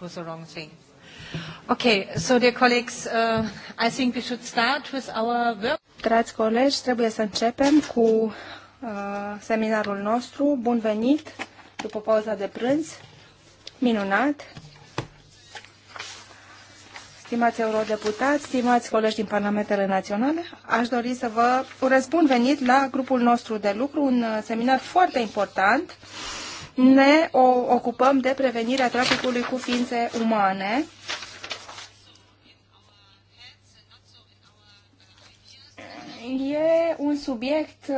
was the wrong thing. Okay, so dear colleagues, uh, I think we should start with our work. Dragi colegi, trebuie să începem cu uh, seminarul nostru. Bun venit după pauza de prânz. Minunat. Stimați eurodeputați, stimați colegi din Parlamentele Naționale, aș dori să vă răspund venit la grupul nostru de lucru, un uh, seminar foarte important uh, ne o ocupăm de prevenirea traficului cu ființe umane. E un subiect uh,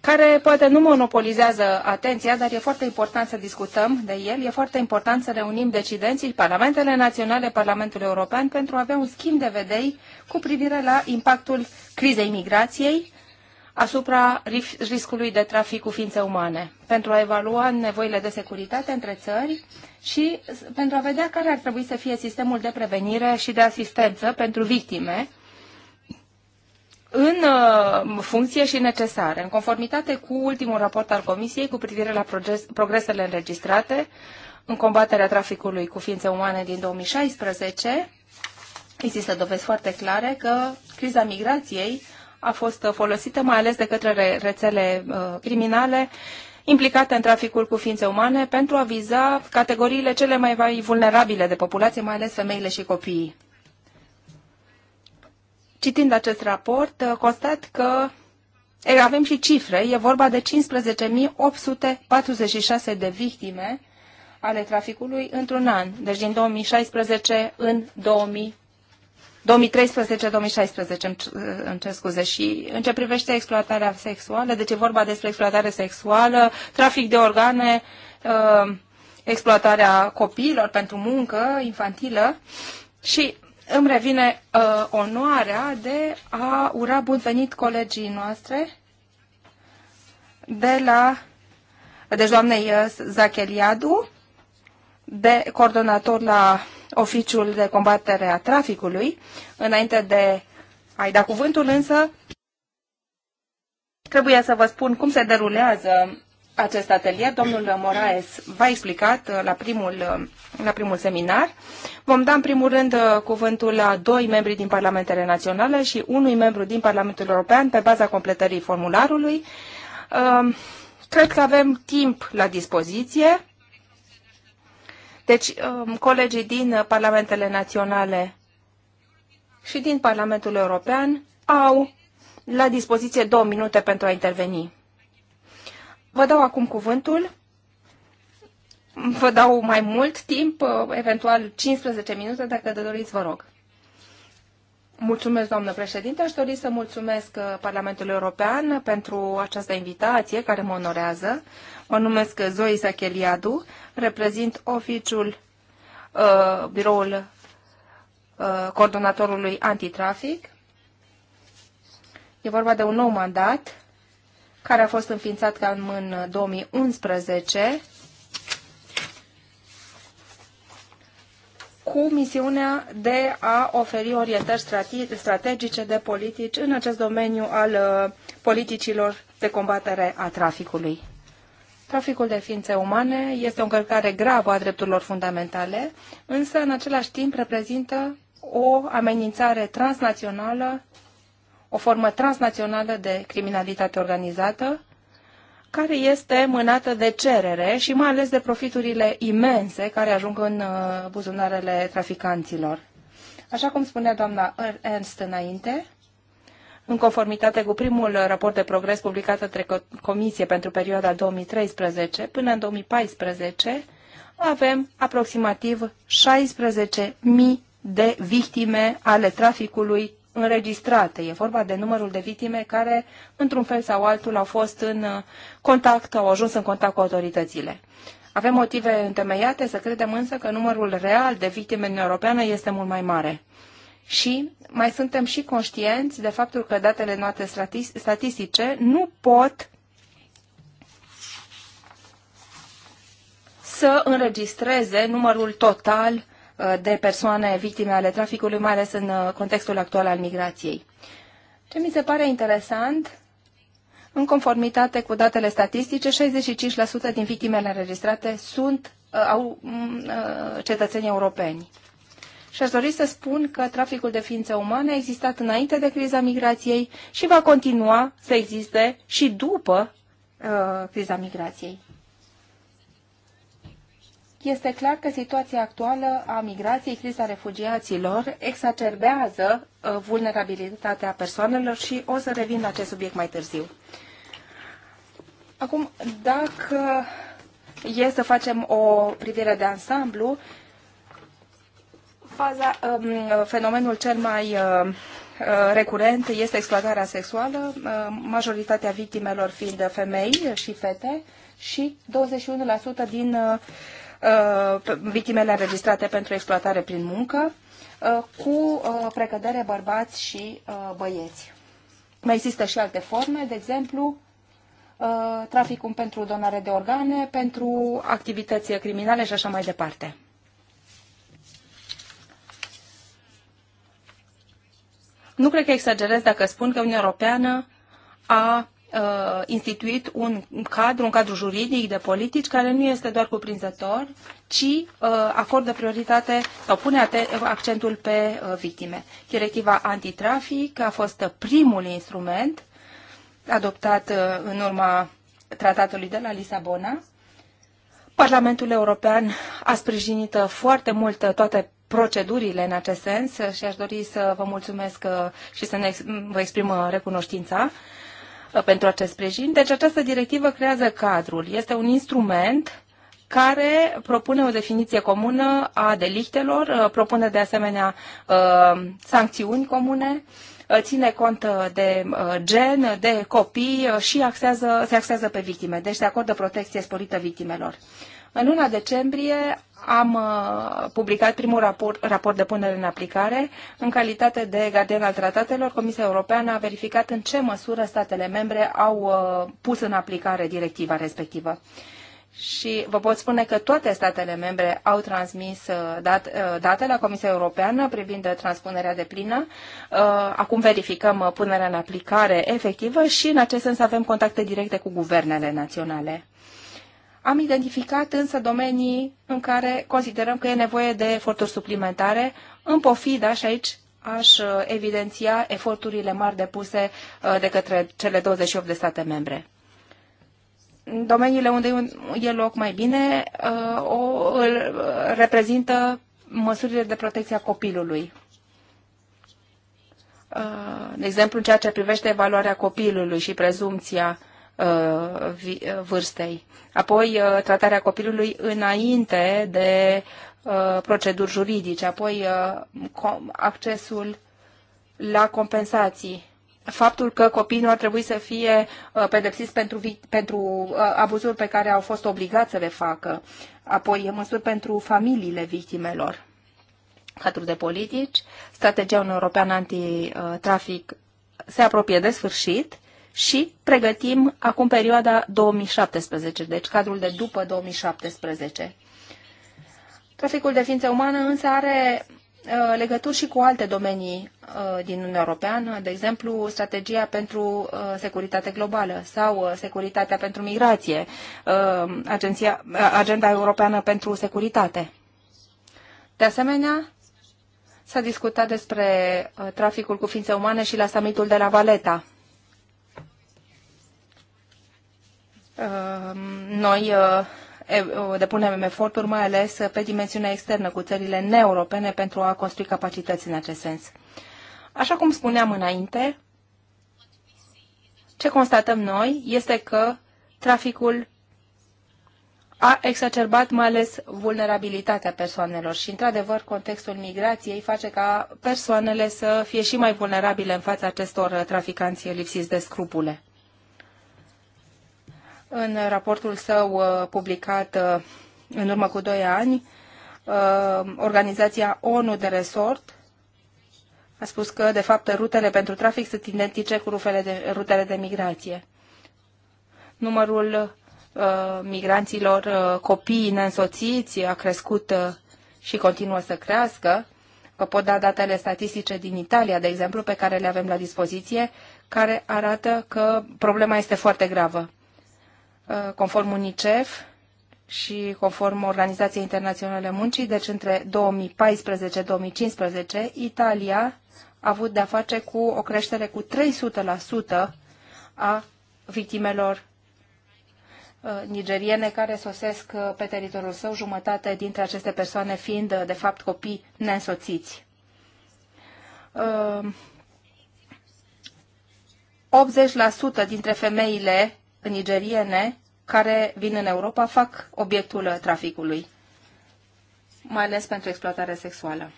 care poate nu monopolizează atenția, dar e foarte important să discutăm de el, e foarte important să reunim decidenții, parlamentele naționale, Parlamentul European, pentru a avea un schimb de vedei cu privire la impactul crizei migrației asupra riscului de trafic cu ființe umane, pentru a evalua nevoile de securitate între țări și pentru a vedea care ar trebui să fie sistemul de prevenire și de asistență pentru victime în uh, funcție și necesare, în conformitate cu ultimul raport al Comisiei cu privire la progresele înregistrate în combaterea traficului cu ființe umane din 2016, există dovezi foarte clare că criza migrației a fost folosită mai ales de către rețele uh, criminale implicate în traficul cu ființe umane pentru a viza categoriile cele mai vulnerabile de populație, mai ales femeile și copiii. Citind acest raport, uh, constat că avem și cifre, e vorba de 15.846 de victime ale traficului într-un an, deci din 2016 în 2000. 2013-2016, îmi, îmi cer scuze, și în ce privește exploatarea sexuală, deci e vorba despre exploatare sexuală, trafic de organe, uh, exploatarea copiilor pentru muncă infantilă și îmi revine uh, onoarea de a ura bun venit colegii noastre de la deci doamnei uh, Zacheliadu, de coordonator la oficiul de combatere a traficului. Înainte de a-i da cuvântul însă, trebuie să vă spun cum se derulează acest atelier. Domnul Moraes v-a explicat uh, la primul, uh, la primul seminar. Vom da în primul rând uh, cuvântul la doi membri din Parlamentele Naționale și unui membru din Parlamentul European pe baza completării formularului. Cred că avem timp la dispoziție deci, um, colegii din parlamentele naționale și din Parlamentul European au la dispoziție două minute pentru a interveni. Vă dau acum cuvântul. Vă dau mai mult timp, uh, eventual 15 minute, dacă doriți, vă rog. Mulțumesc, doamnă președinte. Aș dori să mulțumesc uh, Parlamentului European pentru această invitație care mă onorează. Mă numesc Zoe Sacheliadu, reprezint oficiul, uh, biroul uh, coordonatorului antitrafic. E vorba de un nou mandat care a fost înființat cam în 2011 cu misiunea de a oferi orientări strategice de politici în acest domeniu al uh, politicilor de combatere a traficului. Traficul de ființe umane este o încălcare gravă a drepturilor fundamentale, însă în același timp reprezintă o amenințare transnațională, o formă transnațională de criminalitate organizată, care este mânată de cerere și mai ales de profiturile imense care ajung în uh, buzunarele traficanților. Așa cum spunea doamna Ernst înainte, în conformitate cu primul raport de progres publicat de Comisie pentru perioada 2013 până în 2014, avem aproximativ 16.000 de victime ale traficului înregistrate. E vorba de numărul de victime care, într-un fel sau altul, au fost în uh, contact, au ajuns în contact cu autoritățile. Avem motive întemeiate să credem însă că numărul real de victime în Europeană este mult mai mare și mai suntem și conștienți de faptul că datele noastre statistice nu pot să înregistreze numărul total uh, de persoane victime ale traficului, mai ales în uh, contextul actual al migrației. Ce mi se pare interesant, în conformitate cu datele statistice, 65% din victimele înregistrate sunt uh, au mm, cetățenii europeni și aș dori să spun că traficul de ființe umane a existat înainte de criza migrației și va continua să existe și după uh, criza migrației. Este clar că situația actuală a migrației, criza refugiaților, exacerbează uh, vulnerabilitatea persoanelor și o să revin la acest subiect mai târziu. Acum, dacă e să facem o privire de ansamblu, Faza, um, fenomenul cel mai uh, uh, recurent este exploatarea sexuală, uh, majoritatea victimelor fiind femei și fete și 21% din victimele înregistrate pentru exploatare prin muncă, cu precădere bărbați și băieți. Mai există și alte forme, de exemplu, traficul pentru donare de organe, pentru activități criminale și așa mai departe. Nu cred că exagerez dacă spun că Uniunea Europeană a uh, instituit un cadru, un cadru juridic de politici care nu este doar cuprinzător, ci uh, acordă prioritate sau pune accentul pe uh, victime. Directiva antitrafic a fost primul instrument adoptat uh, în urma tratatului de la Lisabona. Parlamentul European a sprijinit uh, foarte mult uh, toate procedurile în acest sens și aș dori să vă mulțumesc uh, și să ne, vă exprim uh, recunoștința uh, pentru acest sprijin. Deci această directivă creează cadrul. Este un instrument care propune o definiție comună a delictelor, propune de asemenea sancțiuni comune, ține cont de gen, de copii și axează, se axează pe victime. Deci se acordă protecție sporită victimelor. În luna decembrie am uh, publicat primul raport, raport de punere în aplicare. În calitate de gardian al tratatelor, Comisia Europeană a verificat în ce măsură statele membre au uh, pus în aplicare directiva respectivă. Și vă pot spune că toate statele membre au transmis uh, dat, date la Comisia Europeană privind transpunerea de plină. Acum verificăm punerea în aplicare efectivă și în acest sens avem contacte directe cu guvernele naționale. Am identificat însă domenii în care considerăm că e nevoie de eforturi suplimentare, în pofida și aici aș uh, evidenția eforturile mari depuse uh, de către cele 28 de state membre. În domeniile unde e loc mai bine uh, o reprezintă măsurile de protecție a copilului. De exemplu, în ceea ce privește evaluarea copilului și prezumția uh, Uh, uh, vârstei. Apoi, uh, tratarea copilului înainte de proceduri juridice, apoi accesul la compensații. Faptul că copiii nu ar trebui să fie pedepsiți pentru, pentru abuzuri pe care au fost obligați să le facă, apoi măsuri pentru familiile victimelor. Cadru de politici, strategia Uniunii Europeană antitrafic se apropie de sfârșit și pregătim acum perioada 2017, deci cadrul de după 2017. Traficul de ființe umane însă are uh, legături și cu alte domenii uh, din Uniunea Europeană, de exemplu strategia pentru uh, securitate globală sau securitatea pentru migrație, agenția, agenda europeană pentru securitate. De asemenea, s-a discutat despre traficul cu ființe umane și la summitul de la Valeta Ehm, noi eh, depunem eforturi, mai ales eh, pe dimensiunea externă cu țările neeuropene pentru a construi capacități în acest sens. Așa cum spuneam înainte, ce constatăm noi este că traficul a exacerbat mai ales vulnerabilitatea persoanelor și, într-adevăr, contextul migrației face ca persoanele să fie și mai vulnerabile în fața acestor eh, traficanți lipsiți de scrupule. În raportul său uh, publicat uh, în urmă cu doi ani, uh, organizația ONU de resort a spus că, de fapt, rutele pentru trafic sunt identice cu rutele de, rutele de migrație. Numărul uh, migranților, uh, copiii neînsoțiți, a crescut uh, și continuă să crească. Vă pot da datele statistice din Italia, de exemplu, pe care le avem la dispoziție, care arată că problema este foarte gravă. Uh, conform UNICEF și conform Organizației Internaționale Muncii, deci între 2014-2015, Italia a avut de-a face cu o creștere cu 300% a victimelor uh, nigeriene care sosesc uh, pe teritoriul său, jumătate dintre aceste persoane fiind, de fapt, copii neînsoțiți. 80% dintre femeile nigeriene care vin în Europa fac obiectul traficului, mai ales pentru exploatare sexuală.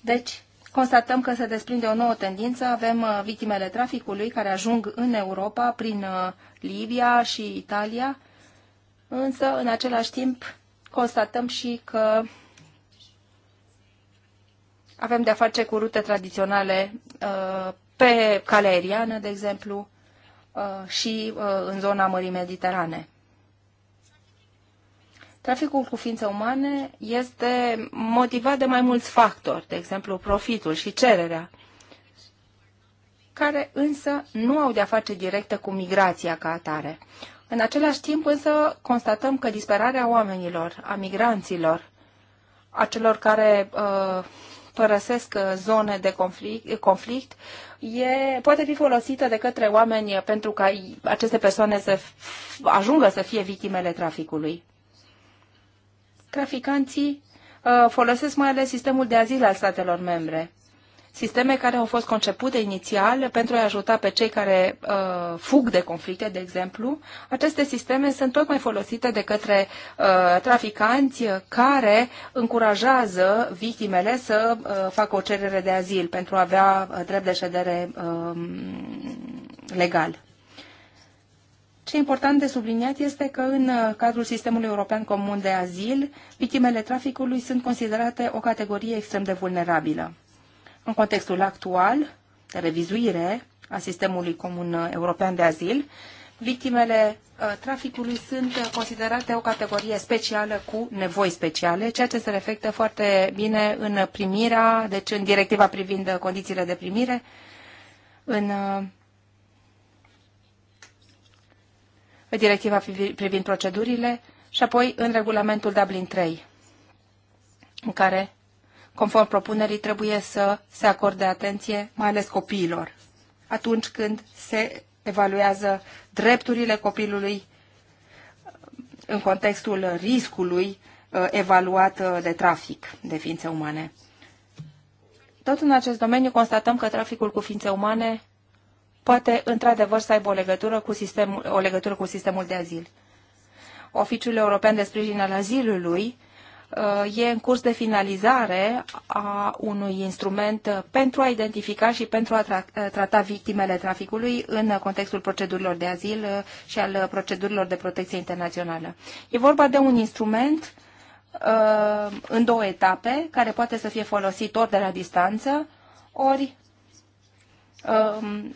Deci, constatăm că se desprinde o nouă tendință. Avem uh, victimele traficului care ajung în Europa prin uh, Libia și Italia, însă, în același timp, constatăm și că avem de-a face cu rute tradiționale uh, pe calea aeriană, de exemplu, Uh, și uh, în zona Mării Mediterane. Traficul cu ființe umane este motivat de mai mulți factori, de exemplu profitul și cererea, care însă nu au de-a face directă cu migrația ca atare. În același timp însă constatăm că disperarea oamenilor, a migranților, a celor care uh, părăsesc uh, zone de conflict, conflict e, poate fi folosită de către oameni pentru ca aceste persoane să ajungă să fie victimele traficului. Traficanții uh, folosesc mai ales sistemul de azil al statelor membre sisteme care au fost concepute inițial pentru a ajuta pe cei care uh, fug de conflicte, de exemplu. Aceste sisteme sunt tocmai folosite de către uh, traficanți care încurajează victimele să uh, facă o cerere de azil pentru a avea uh, drept de ședere uh, legal. Ce important de subliniat este că în uh, cadrul sistemului european comun de azil, victimele traficului sunt considerate o categorie extrem de vulnerabilă în contextul actual de revizuire a sistemului comun uh, european de azil, victimele uh, traficului sunt uh, considerate o categorie specială cu nevoi speciale, ceea ce se reflectă foarte bine în primirea, deci în directiva privind condițiile de primire, în directiva privind procedurile și apoi în regulamentul Dublin 3, în care conform propunerii, trebuie să se acorde atenție, mai ales copiilor, atunci când se evaluează drepturile copilului în contextul riscului uh, evaluat uh, de trafic de ființe umane. Tot în acest domeniu constatăm că traficul cu ființe umane poate într-adevăr să aibă o legătură, cu sistemul, o legătură cu sistemul de azil. Oficiul European de Sprijin al Azilului Uh, e în curs de finalizare a unui instrument pentru a identifica și pentru a tra uh, trata victimele traficului în contextul procedurilor de azil uh, și al procedurilor de protecție internațională. E vorba de un instrument în două etape, care poate să fie folosit ori de la distanță, ori um,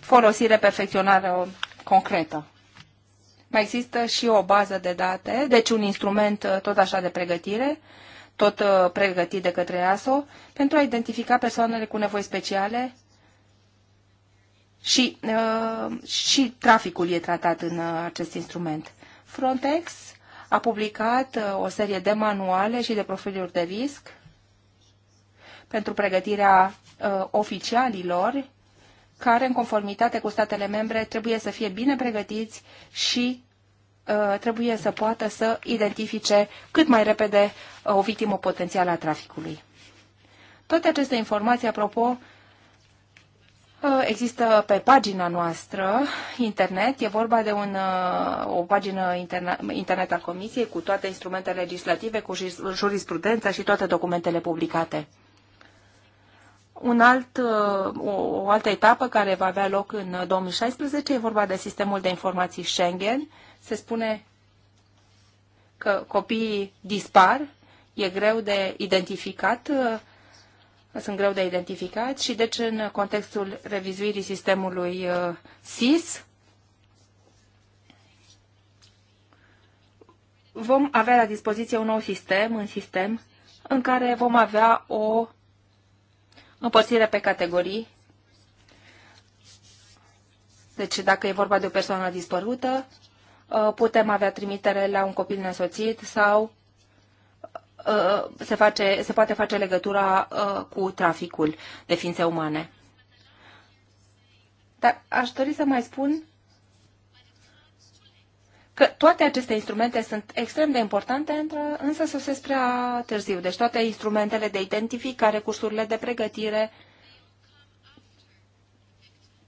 folosire perfecționară concretă. Mai există și o bază de date, deci un instrument uh, tot așa de pregătire, tot uh, pregătit de către ASO, pentru a identifica persoanele cu nevoi speciale și, uh, și traficul e tratat în acest instrument. Frontex a publicat o serie de manuale și de profiluri de risc pentru pregătirea oficialilor care, în conformitate cu statele membre, trebuie să fie bine pregătiți și uh, trebuie să poată să identifice cât mai repede uh, o victimă potențială a traficului. Toate aceste informații, apropo, uh, Există pe pagina noastră internet, e vorba de un, uh, o pagină interna, internet a Comisiei cu toate instrumentele legislative, cu jurisprudența și toate documentele publicate. Un alt, uh, o, o altă etapă care va avea loc în 2016 uh, e vorba de sistemul de informații Schengen. Se spune că copiii dispar, e greu de identificat, uh, sunt greu de identificat și deci în contextul revizuirii sistemului SIS vom avea la dispoziție un nou sistem, un sistem în care vom avea o împărțire pe categorii. Deci dacă e vorba de o persoană dispărută, uh, putem avea trimitere la un copil nesoțit sau uh, uh, se, face, se poate face legătura cu traficul de ființe umane. Dar aș dori să mai spun că toate aceste instrumente sunt extrem de importante, însă sosesc prea târziu. Deci toate instrumentele de identificare, cursurile de pregătire,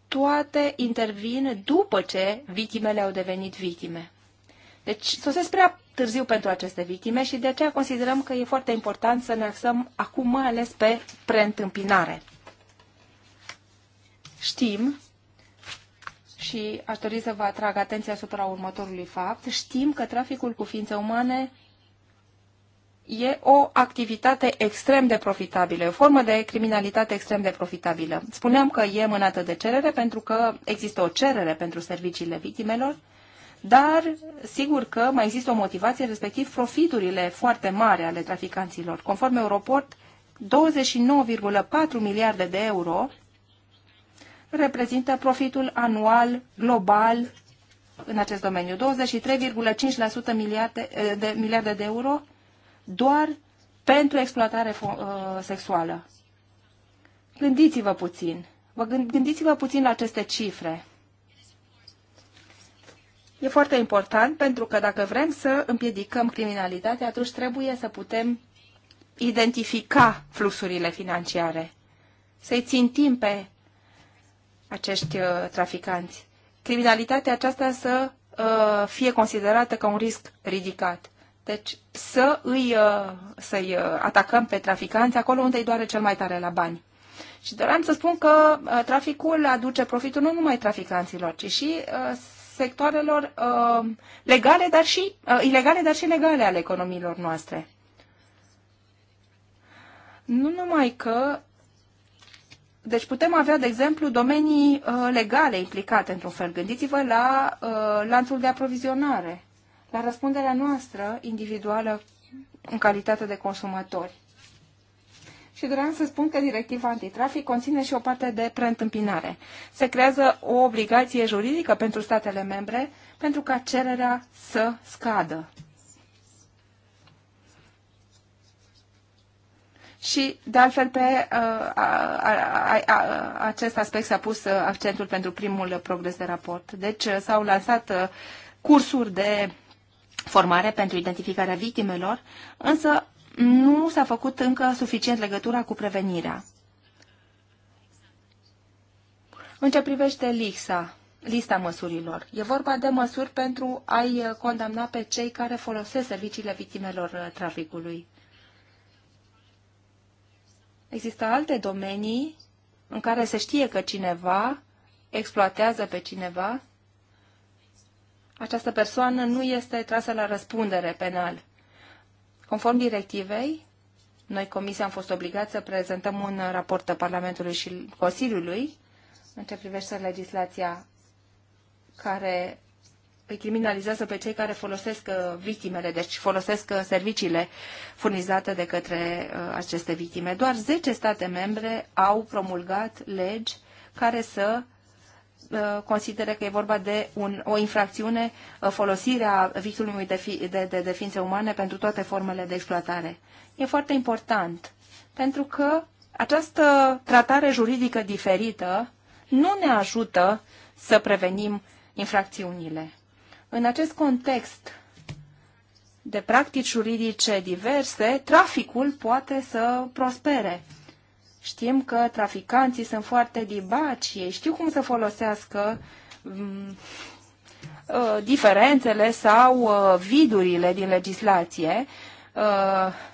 toate intervin după ce victimele au devenit victime. Deci sosesc prea târziu pentru aceste victime și de aceea considerăm că e foarte important să ne axăm acum mai ales pe preîntâmpinare. Știm și aș dori să vă atrag atenția asupra următorului fapt. Știm că traficul cu ființe umane e o activitate extrem de profitabilă, o formă de criminalitate extrem de profitabilă. Spuneam că e mânată de cerere pentru că există o cerere pentru serviciile victimelor, dar sigur că mai există o motivație, respectiv profiturile foarte mari ale traficanților. Conform Europort, 29,4 miliarde de euro reprezintă profitul anual global în acest domeniu. 23,5% miliarde eh, de, miliarde de euro doar pentru exploatare eh, sexuală. Gândiți-vă puțin. Vă gândiți-vă puțin la aceste cifre. E foarte important pentru că dacă vrem să împiedicăm criminalitatea, atunci trebuie să putem identifica fluxurile financiare, să-i țintim pe acești uh, traficanți. Criminalitatea aceasta să uh, fie considerată ca un risc ridicat. Deci să îi, uh, să-i atacăm pe traficanți acolo unde îi doare cel mai tare la bani. Și doream să spun că traficul aduce profitul nu numai traficanților, ci și sectoarelor legale, dar și ilegale, dar și legale ale economiilor noastre. Nu numai că deci putem avea, de exemplu, domenii uh, legale implicate într-un fel. Gândiți-vă la uh, lanțul de aprovizionare, la răspunderea noastră individuală în calitate de consumatori. Și doream să spun că directiva antitrafic conține și o parte de preîntâmpinare. Se creează o obligație juridică pentru statele membre pentru ca cererea să scadă. Și, de altfel, pe uh, a, a, a, acest aspect s-a pus uh, accentul pentru primul progres de raport. Deci uh, s-au lansat cursuri de formare pentru identificarea victimelor, însă nu s-a făcut încă suficient legătura cu prevenirea. În ce privește LIXA, lista măsurilor, e vorba de măsuri pentru a-i condamna pe cei care folosesc serviciile victimelor traficului. Există alte domenii în care se știe că cineva exploatează pe cineva. Această persoană nu este trasă la răspundere penal. Conform directivei, noi, Comisia, am fost obligați să prezentăm un raport Parlamentului și Consiliului în ce privește legislația care îi criminalizează pe cei care folosesc uh, victimele, deci folosesc uh, serviciile furnizate de către uh, aceste victime. Doar 10 state membre au promulgat legi care să consideră că e vorba de un, o infracțiune folosirea victimului de, fi, de, de, de ființe umane pentru toate formele de exploatare. E foarte important, pentru că această tratare juridică diferită nu ne ajută să prevenim infracțiunile. În acest context de practici juridice diverse, traficul poate să prospere. Știm că traficanții sunt foarte dibaci, ei știu cum să folosească mm, uh, diferențele sau uh, vidurile din legislație Uh,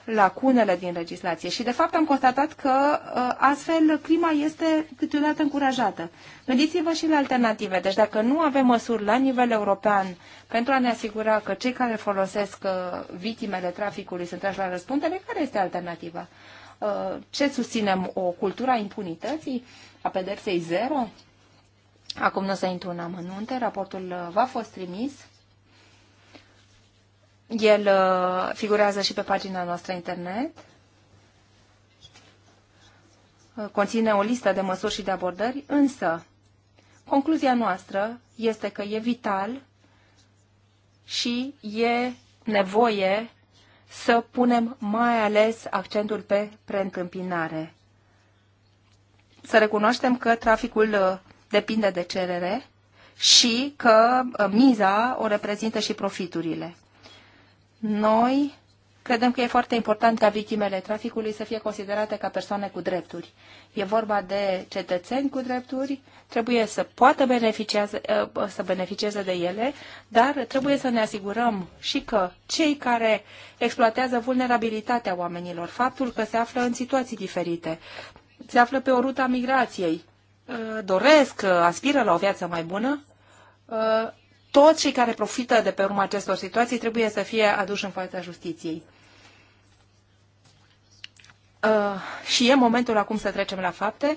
lacunele din legislație. Și, de fapt, am constatat că uh, astfel clima este câteodată încurajată. Gândiți-vă și la alternative. Deci, dacă nu avem măsuri la nivel european pentru a ne asigura că cei care folosesc uh, victimele traficului sunt trași la răspundere, care este alternativa? Ce susținem? O cultură a impunității? A pedepsei zero? Acum nu o să intru în amănunte, raportul va fost trimis el uh, figurează și pe pagina noastră internet. Uh, conține o listă de măsuri și de abordări, însă concluzia noastră este că e vital și e nevoie să punem mai ales accentul pe preîntâmpinare. Să recunoaștem că traficul uh, depinde de cerere și că miza o reprezintă și profiturile. Noi credem că e foarte important ca victimele traficului să fie considerate ca persoane cu drepturi. E vorba de cetățeni cu drepturi, trebuie să poată ă, să beneficieze de ele, dar trebuie să ne asigurăm și că cei care exploatează vulnerabilitatea oamenilor, faptul că se află în situații diferite, se află pe o rută a migrației, ă, doresc, ă, aspiră la o viață mai bună, toți cei care profită de pe urma acestor situații trebuie să fie aduși în fața justiției. Uh, și e momentul acum să trecem la fapte.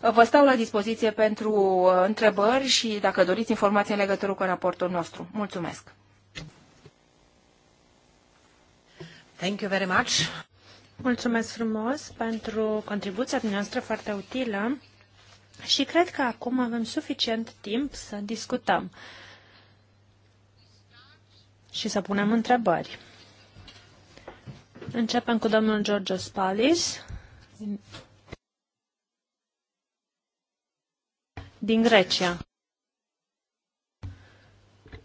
Uh, vă stau la dispoziție pentru uh, întrebări și dacă doriți informații în legătură cu raportul nostru. Mulțumesc! Thank you very much. Mulțumesc frumos pentru contribuția dumneavoastră foarte utilă și cred că acum avem suficient timp să discutăm și să punem întrebări. Începem cu domnul George Spalis din Grecia.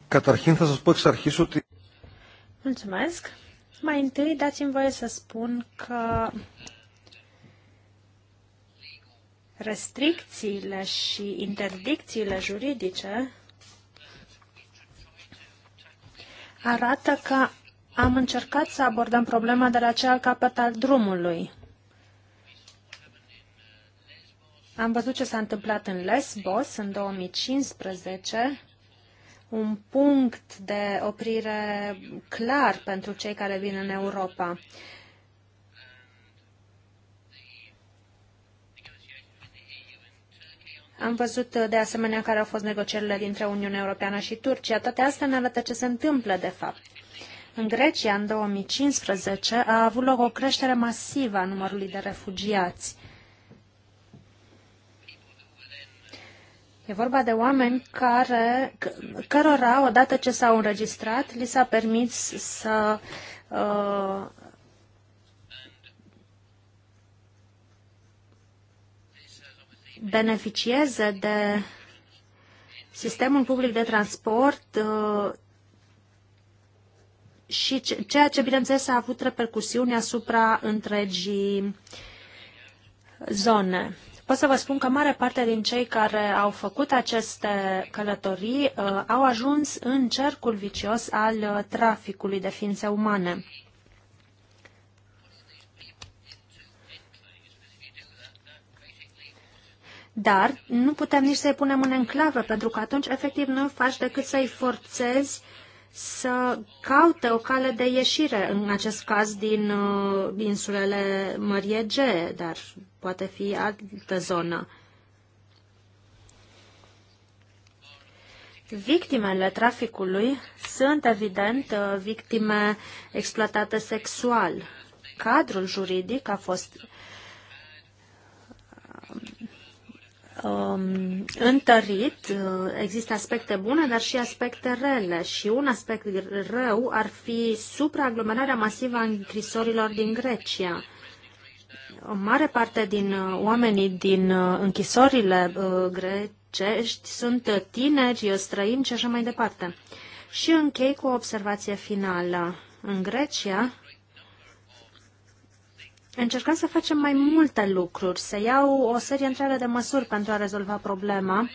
Καταρχήν θα σας πω εξ αρχής ότι... Mulțumesc. Mai întâi dați-mi voie să spun că restricțiile și interdicțiile juridice arată că am încercat să abordăm problema de la cel capăt al drumului. Am văzut ce s-a întâmplat în Lesbos în 2015, un punct de oprire clar pentru cei care vin în Europa. Am văzut de asemenea care au fost negocierile dintre Uniunea Europeană și Turcia. Toate astea ne arată ce se întâmplă, de fapt. În Grecia, în 2015, a avut loc o creștere masivă a numărului de refugiați. E vorba de oameni care, cărora, odată ce s-au înregistrat, li s-a permis să uh, beneficieze de sistemul public de transport uh, și ceea ce, bineînțeles, a avut repercusiuni asupra întregii zone. Pot să vă spun că mare parte din cei care au făcut aceste călătorii uh, au ajuns în cercul vicios al traficului de ființe umane. Dar nu putem nici să-i punem în enclavă, pentru că atunci, efectiv, nu faci decât să-i forțezi să caute o cale de ieșire, în acest caz din uh, insulele Mărie Egee, dar poate fi altă zonă. Victimele traficului sunt, evident, uh, victime exploatate sexual. Cadrul juridic a fost Um, întărit. Uh, există aspecte bune, dar și aspecte rele. Și un aspect rău ar fi supraaglomerarea masivă a închisorilor din Grecia. O mare parte din uh, oamenii din uh, închisorile grecești sunt tineri, străini și așa mai departe. Și închei cu o observație finală. În Grecia, încercăm să facem mai multe lucruri, să iau o serie întreagă de măsuri pentru a rezolva problema,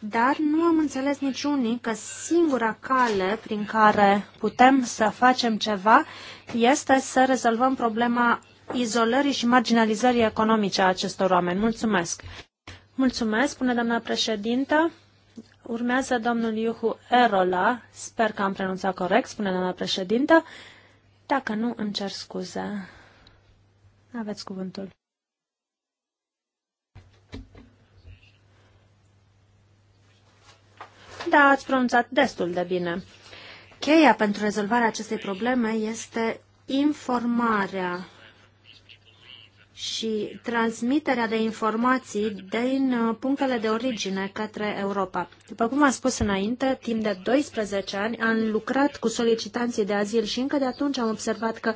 dar nu am înțeles niciunii că singura cale prin care putem să facem ceva este să rezolvăm problema izolării și marginalizării economice a acestor oameni. Mulțumesc! Mulțumesc, spune doamna președintă. Urmează domnul Iuhu Erola, sper că am pronunțat corect, spune doamna președintă. Dacă nu, îmi cer scuze. Aveți cuvântul. Da, ați pronunțat destul de bine. Cheia pentru rezolvarea acestei probleme este informarea și transmiterea de informații din uh, punctele de origine către Europa. După cum am spus înainte, timp de 12 ani am lucrat cu solicitanții de azil și încă de atunci am observat că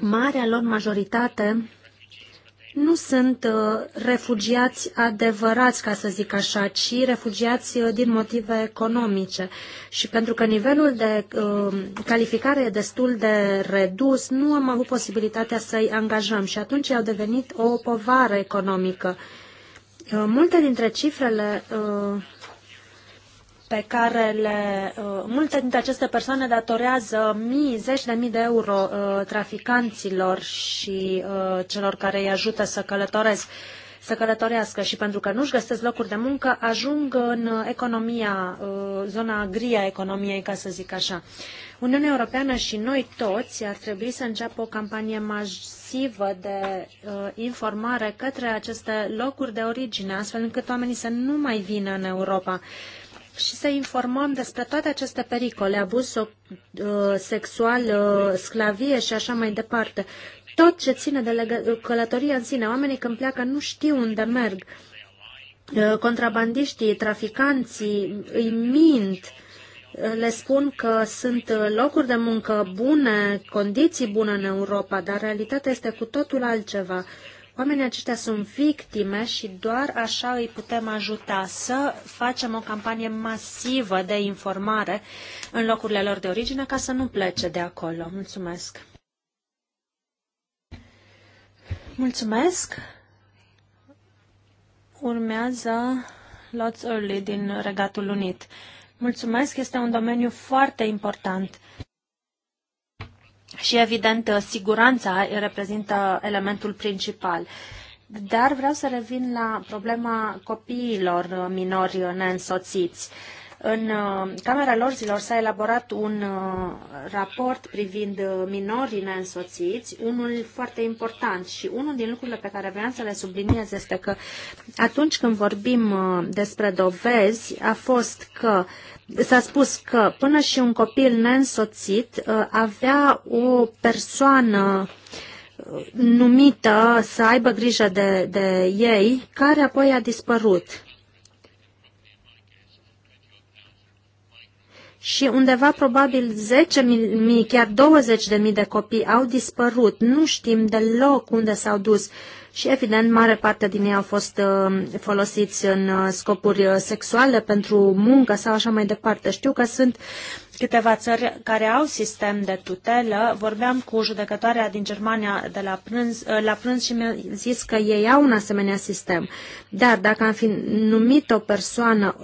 marea lor majoritate nu sunt uh, refugiați adevărați, ca să zic așa, ci refugiați uh, din motive economice. Și pentru că nivelul de uh, calificare e destul de redus, nu am avut posibilitatea să-i angajăm și atunci au devenit o povară economică. Multe dintre cifrele pe care le... Uh, multe dintre aceste persoane datorează mii, zeci de mii de euro uh, traficanților și uh, celor care îi ajută să călătoresc să călătorească și pentru că nu-și găsesc locuri de muncă, ajung în economia, zona gri a economiei, ca să zic așa. Uniunea Europeană și noi toți ar trebui să înceapă o campanie masivă de uh, informare către aceste locuri de origine, astfel încât oamenii să nu mai vină în Europa. Uh, și să informăm despre toate aceste pericole, abuz uh, sexual, uh, sclavie și așa mai departe. Tot ce ține de călătorie în sine, oamenii când pleacă nu știu unde merg. Uh, contrabandiștii, traficanții îi mint, le spun că sunt locuri de muncă bune, condiții bune în Europa, dar realitatea este cu totul altceva. Oamenii aceștia sunt victime și doar așa îi putem ajuta să facem o campanie masivă de informare în locurile lor de origine ca să nu plece de acolo. Mulțumesc! Mulțumesc! Urmează Lots Early din Regatul Unit. Mulțumesc, este un domeniu foarte important. Și, evident, siguranța reprezintă elementul principal. Dar vreau să revin la problema copiilor minori neînsoțiți. Uh, în uh, Camera Lorzilor s-a elaborat un uh, raport privind uh, minorii neînsoțiți, unul foarte important și unul din lucrurile pe care vreau să le subliniez este că atunci când vorbim despre dovezi a fost că s-a spus că până și un copil neînsoțit avea o persoană numită să aibă grijă de, de ei, care apoi a dispărut. și undeva probabil 10.000, chiar 20.000 de copii au dispărut. Nu știm deloc unde s-au dus și evident mare parte din ei au fost uh, folosiți în uh, scopuri uh, sexuale pentru muncă sau așa mai departe. Știu că sunt câteva țări care au sistem de tutelă. Vorbeam cu judecătoarea din Germania de la prânz, la prânz și mi-a zis că ei au un asemenea sistem. Dar dacă am fi numit o persoană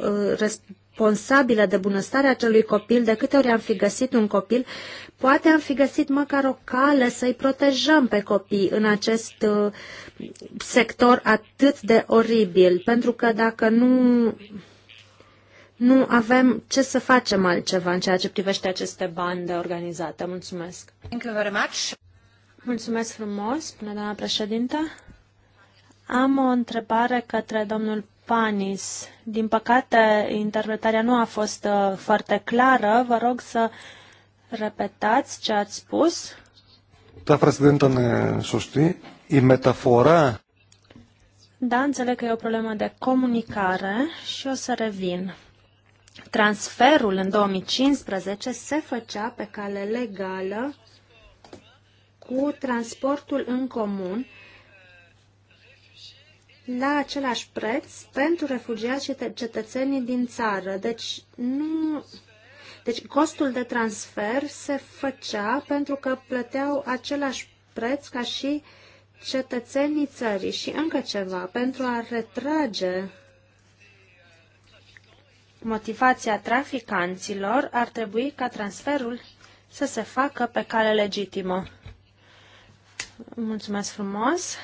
responsabilă de bunăstarea acelui copil, de câte ori am fi găsit un copil, poate am fi găsit măcar o cale să-i protejăm pe copii în acest uh, sector atât de oribil. Pentru că dacă nu, nu avem ce să facem altceva în ceea ce privește aceste bande organizate. Mulțumesc! Thank you very much. Mulțumesc frumos, până doamna președintă. Am o întrebare către domnul Panis. Din păcate, interpretarea nu a fost uh, foarte clară. Vă rog să repetați ce ați spus. Da, președinte, ne șoști. E metafora. Da, înțeleg că e o problemă de comunicare și o să revin. Transferul în 2015 se făcea pe cale legală cu transportul în comun la același preț pentru refugiați și cetățenii din țară. Deci, nu... deci costul de transfer se făcea pentru că plăteau același preț ca și cetățenii țării. Și încă ceva, pentru a retrage motivația traficanților, ar trebui ca transferul să se facă pe cale legitimă. Mulțumesc frumos!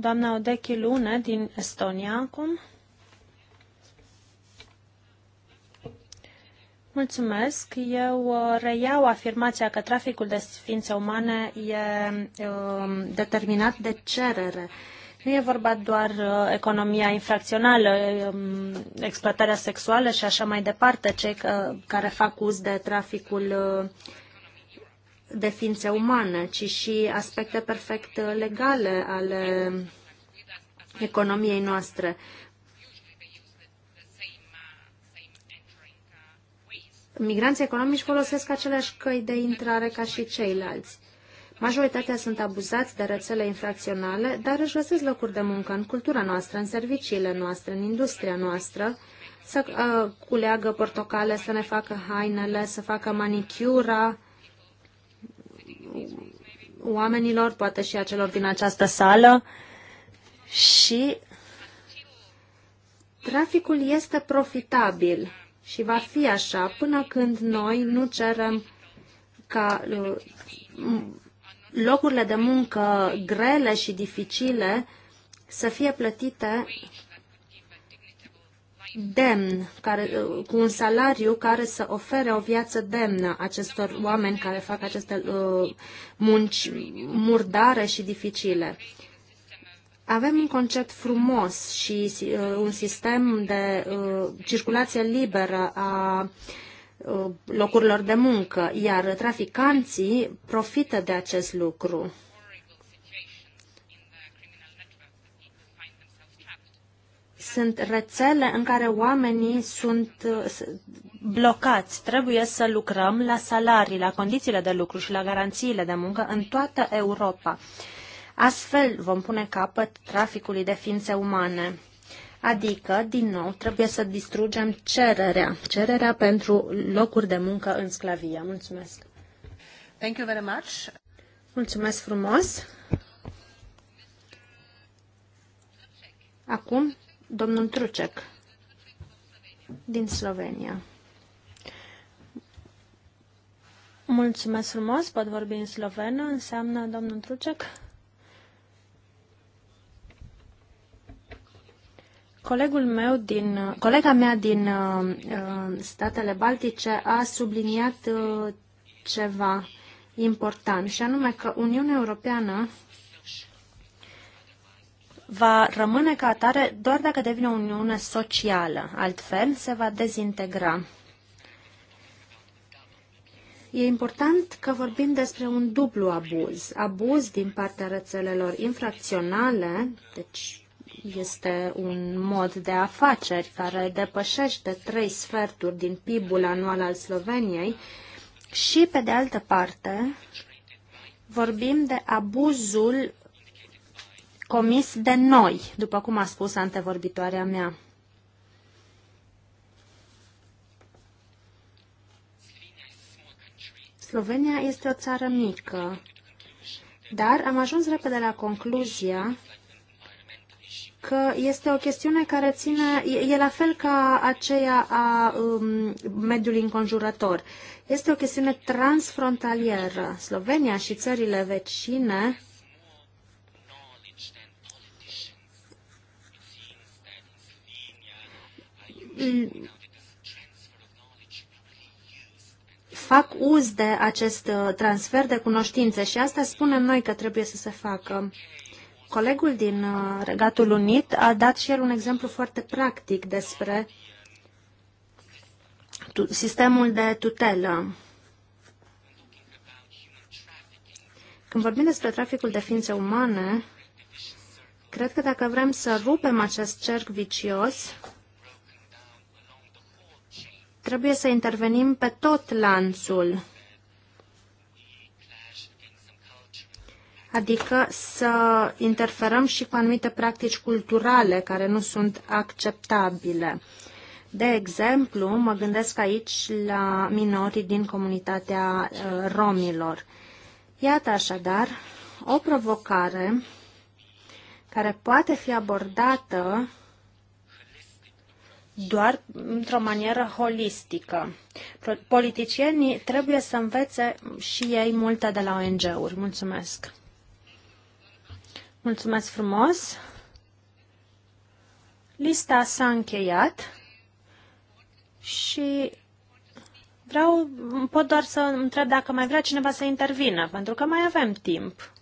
Doamna Odechi Lune din Estonia acum. Mulțumesc. Eu uh, reiau afirmația că traficul de ființe umane e um, determinat de cerere. Nu e vorba doar uh, economia infracțională, um, exploatarea sexuală și așa mai departe, cei care fac uz de traficul uh, de ființe umane, ci și aspecte perfect legale ale economiei noastre. Migranții economici folosesc aceleași căi de intrare ca și ceilalți. Majoritatea sunt abuzați de rețele infracționale, dar își găsesc locuri de muncă în cultura noastră, în serviciile noastre, în industria noastră, să uh, culeagă portocale, să ne facă hainele, să facă manicura, oamenilor, poate și a celor din această sală și traficul este profitabil și va fi așa până când noi nu cerem ca uh, locurile de muncă grele și dificile să fie plătite demn, care, cu un salariu care să ofere o viață demnă acestor oameni care fac aceste uh, munci murdare și dificile. Avem un concept frumos și uh, un sistem de uh, circulație liberă a uh, locurilor de muncă, iar traficanții profită de acest lucru. sunt rețele în care oamenii sunt uh, blocați. Trebuie să lucrăm la salarii, la condițiile de lucru și la garanțiile de muncă în toată Europa. Astfel vom pune capăt traficului de ființe umane. Adică, din nou, trebuie să distrugem cererea, cererea pentru locuri de muncă în sclavie. Mulțumesc! Thank you very much. Mulțumesc frumos! Acum Domnul Trucek din Slovenia. Mulțumesc frumos, pot vorbi în slovenă, înseamnă domnul Trucek. Colegul meu din, colega mea din uh, statele Baltice a subliniat uh, ceva important, și anume că Uniunea Europeană va rămâne ca atare doar dacă devine o uniune socială, altfel se va dezintegra. E important că vorbim despre un dublu abuz. Abuz din partea rețelelor infracționale, deci este un mod de afaceri care depășește trei sferturi din PIB-ul anual al Sloveniei și, pe de altă parte, vorbim de abuzul comis de noi, după cum a spus antevorbitoarea mea. Slovenia este o țară mică, dar am ajuns repede la concluzia că este o chestiune care ține, e, la fel ca aceea a um, mediului înconjurător. Este o chestiune transfrontalieră. Slovenia și țările vecine fac uz de acest uh, transfer de cunoștințe și asta spunem noi că trebuie să se facă. Colegul din uh, Regatul Unit a dat și el un exemplu foarte practic despre sistemul de tutelă. Când vorbim despre traficul de ființe umane, cred că dacă vrem să rupem acest cerc vicios, Trebuie să intervenim pe tot lanțul, adică să interferăm și cu anumite practici culturale care nu sunt acceptabile. De exemplu, mă gândesc aici la minorii din comunitatea uh, romilor. Iată așadar o provocare care poate fi abordată doar într-o manieră holistică. Politicienii trebuie să învețe și ei multe de la ONG-uri. Mulțumesc! Mulțumesc frumos! Lista s-a încheiat și vreau, pot doar să întreb dacă mai vrea cineva să intervină, pentru că mai avem timp.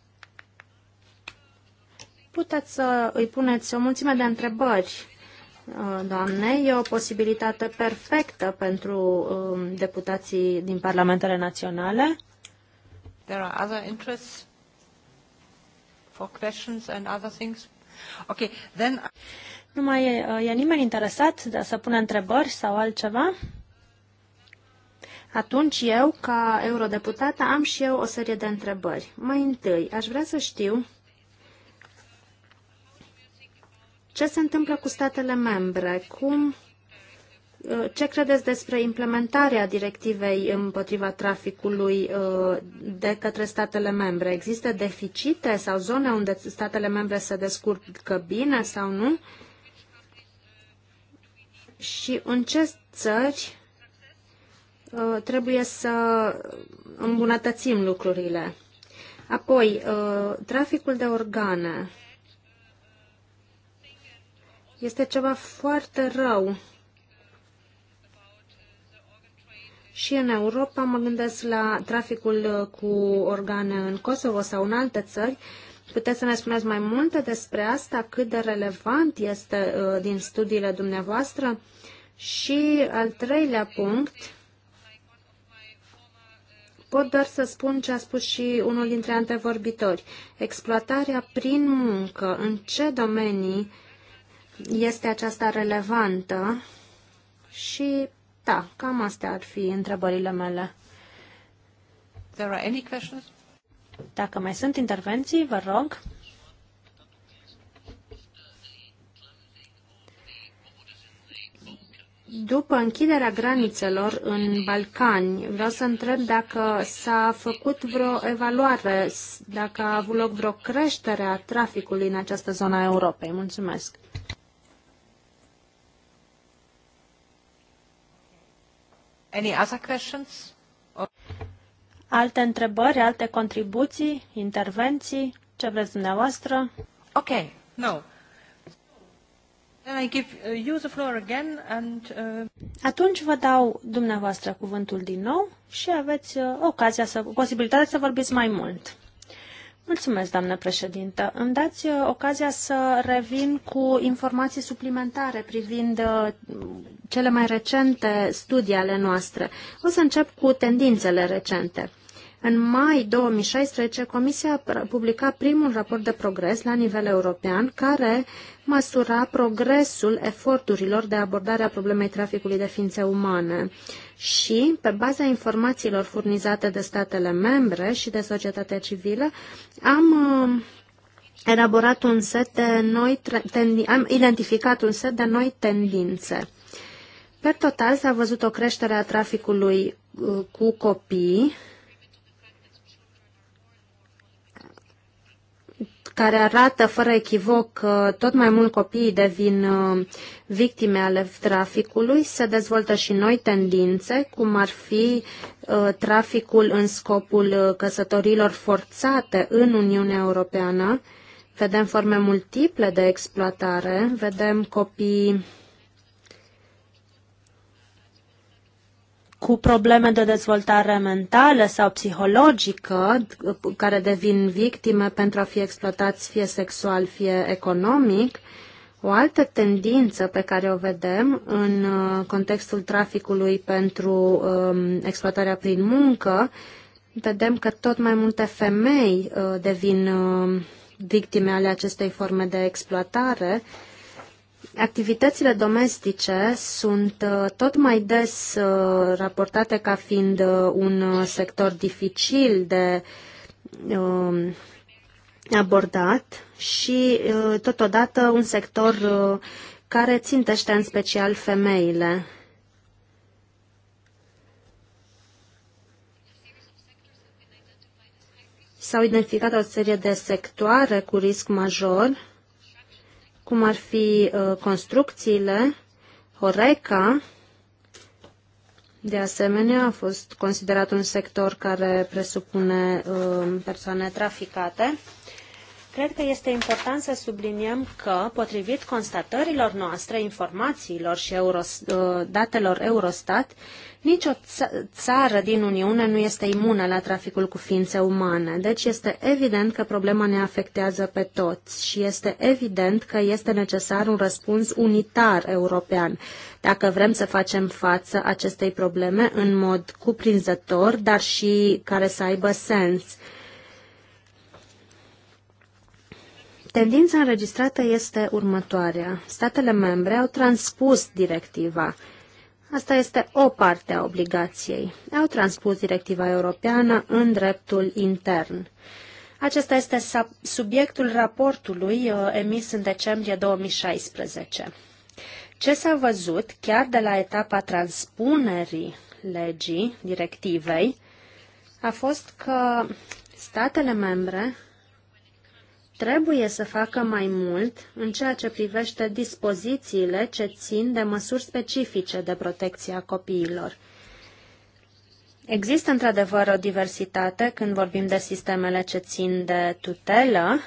Puteți să îi puneți o mulțime de întrebări Uh, doamne, e o posibilitate perfectă pentru um, deputații din parlamentele naționale. There are other interests for questions and other things. Okay, then... Nu mai e, uh, e nimeni interesat de să pună întrebări sau altceva? Atunci eu, ca eurodeputată, am și eu o serie de întrebări. Mai întâi, aș vrea să știu Ce se întâmplă cu statele membre? Cum, uh, ce credeți despre implementarea directivei împotriva traficului uh, de către statele membre? Există deficite sau zone unde statele membre se descurcă bine sau nu? Și în ce țări uh, trebuie să îmbunătățim lucrurile? Apoi, traficul de organe este ceva foarte rău. Și în Europa mă gândesc la traficul cu organe în Kosovo sau în alte țări. Puteți să ne spuneți mai multe despre asta, cât de relevant este uh, din studiile dumneavoastră? Și al treilea punct, pot doar să spun ce a spus și unul dintre antevorbitori. Exploatarea prin muncă, în ce domenii uh, este aceasta relevantă și da, cam astea ar fi întrebările mele. There are any questions? Dacă mai sunt intervenții, vă rog. După închiderea granițelor în Balcani, vreau să întreb dacă s-a făcut vreo evaluare, dacă a avut loc vreo creștere a traficului în această zonă a Europei. Mulțumesc. Any other questions? Alte întrebări, alte contribuții, intervenții? Ce vreți dumneavoastră? Ok, no. Then I give uh, you the floor again and, uh... Atunci vă dau dumneavoastră cuvântul din nou și aveți uh, ocazia, să, posibilitatea să vorbiți mai mult. Mulțumesc, doamnă președintă. Îmi dați uh, ocazia să revin cu informații suplimentare privind uh, cele mai recente studii ale noastre. O să încep cu tendințele recente. În mai 2016, Comisia a publicat primul raport de progres la nivel european care măsura progresul eforturilor de abordare a problemei traficului de ființe umane și, pe baza informațiilor furnizate de statele membre și de societatea civilă, am uh, elaborat un set de noi am identificat un set de noi tendințe. Per total s-a văzut o creștere a traficului uh, cu copii care arată fără echivoc că uh, tot mai mult copiii devin uh, victime ale traficului, se dezvoltă și noi tendințe, cum ar fi uh, traficul în scopul căsătorilor forțate în Uniunea Europeană. Vedem forme multiple de exploatare, vedem copii cu probleme de dezvoltare mentală sau psihologică care devin victime pentru a fi exploatați fie sexual, fie economic. O altă tendință pe care o vedem în uh, contextul traficului pentru um, exploatarea prin muncă, vedem că tot mai multe femei uh, devin uh, victime ale acestei forme de exploatare Activitățile domestice sunt uh, tot mai des uh, raportate ca fiind uh, un sector dificil de um, abordat și totodată un sector care țintește în special femeile. S-au identificat o serie de sectoare cu risc major cum ar fi uh, construcțiile, Horeca, de asemenea, a fost considerat un sector care presupune uh, persoane traficate. Cred că este important să subliniem că, potrivit constatărilor noastre, informațiilor și euros, uh, datelor Eurostat, nicio țară din Uniune nu este imună la traficul cu ființe umane. Deci este evident că problema ne afectează pe toți și este evident că este necesar un răspuns unitar european dacă vrem să facem față acestei probleme în mod cuprinzător, dar și care să aibă sens. Tendința înregistrată este următoarea. Statele membre au transpus directiva. Asta este o parte a obligației. Au transpus directiva europeană în dreptul intern. Acesta este subiectul raportului uh, emis în decembrie 2016. Ce s-a văzut chiar de la etapa transpunerii legii, directivei, a fost că statele membre trebuie să facă mai mult în ceea ce privește dispozițiile ce țin de măsuri specifice de protecție a copiilor. Există într-adevăr o diversitate când vorbim de sistemele ce țin de tutelă,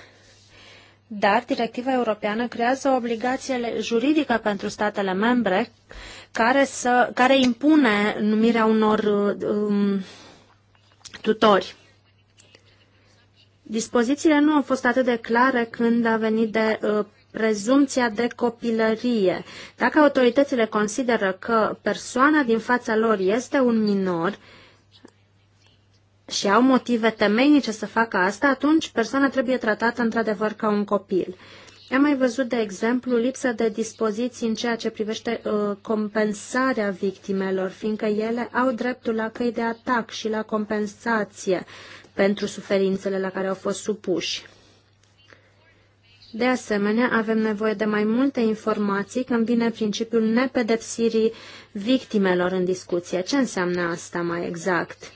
dar directiva europeană creează o obligație juridică pentru statele membre care, să, care impune numirea unor um, tutori. Dispozițiile nu au fost atât de clare când a venit de uh, prezumția de copilărie. Dacă autoritățile consideră că persoana din fața lor este un minor și au motive temeinice să facă asta, atunci persoana trebuie tratată într-adevăr ca un copil. Am mai văzut, de exemplu, lipsa de dispoziții în ceea ce privește uh, compensarea victimelor, fiindcă ele au dreptul la căi de atac și la compensație. Uh, pentru suferințele la care au fost supuși. De asemenea, avem nevoie de mai multe informații când vine principiul nepedepsirii victimelor în discuție. Ce înseamnă asta mai exact?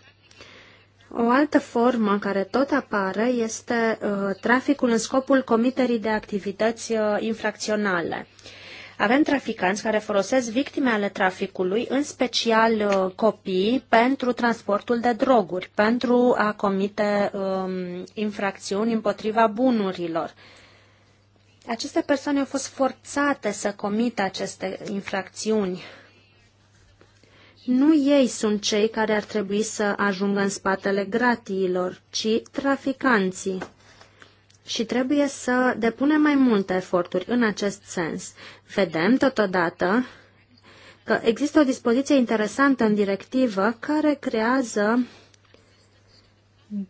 O altă formă care tot apare este uh, traficul în scopul comiterii de activități uh, infracționale. Uh, avem traficanți care folosesc victime ale traficului, în special uh, copii, pentru transportul de droguri, pentru a comite um, infracțiuni împotriva bunurilor. Aceste persoane au fost forțate să comită aceste infracțiuni. Nu ei sunt cei care ar trebui să ajungă în spatele gratiilor, ci traficanții și trebuie să depunem mai multe eforturi în acest sens. Vedem totodată că există o dispoziție interesantă în directivă care creează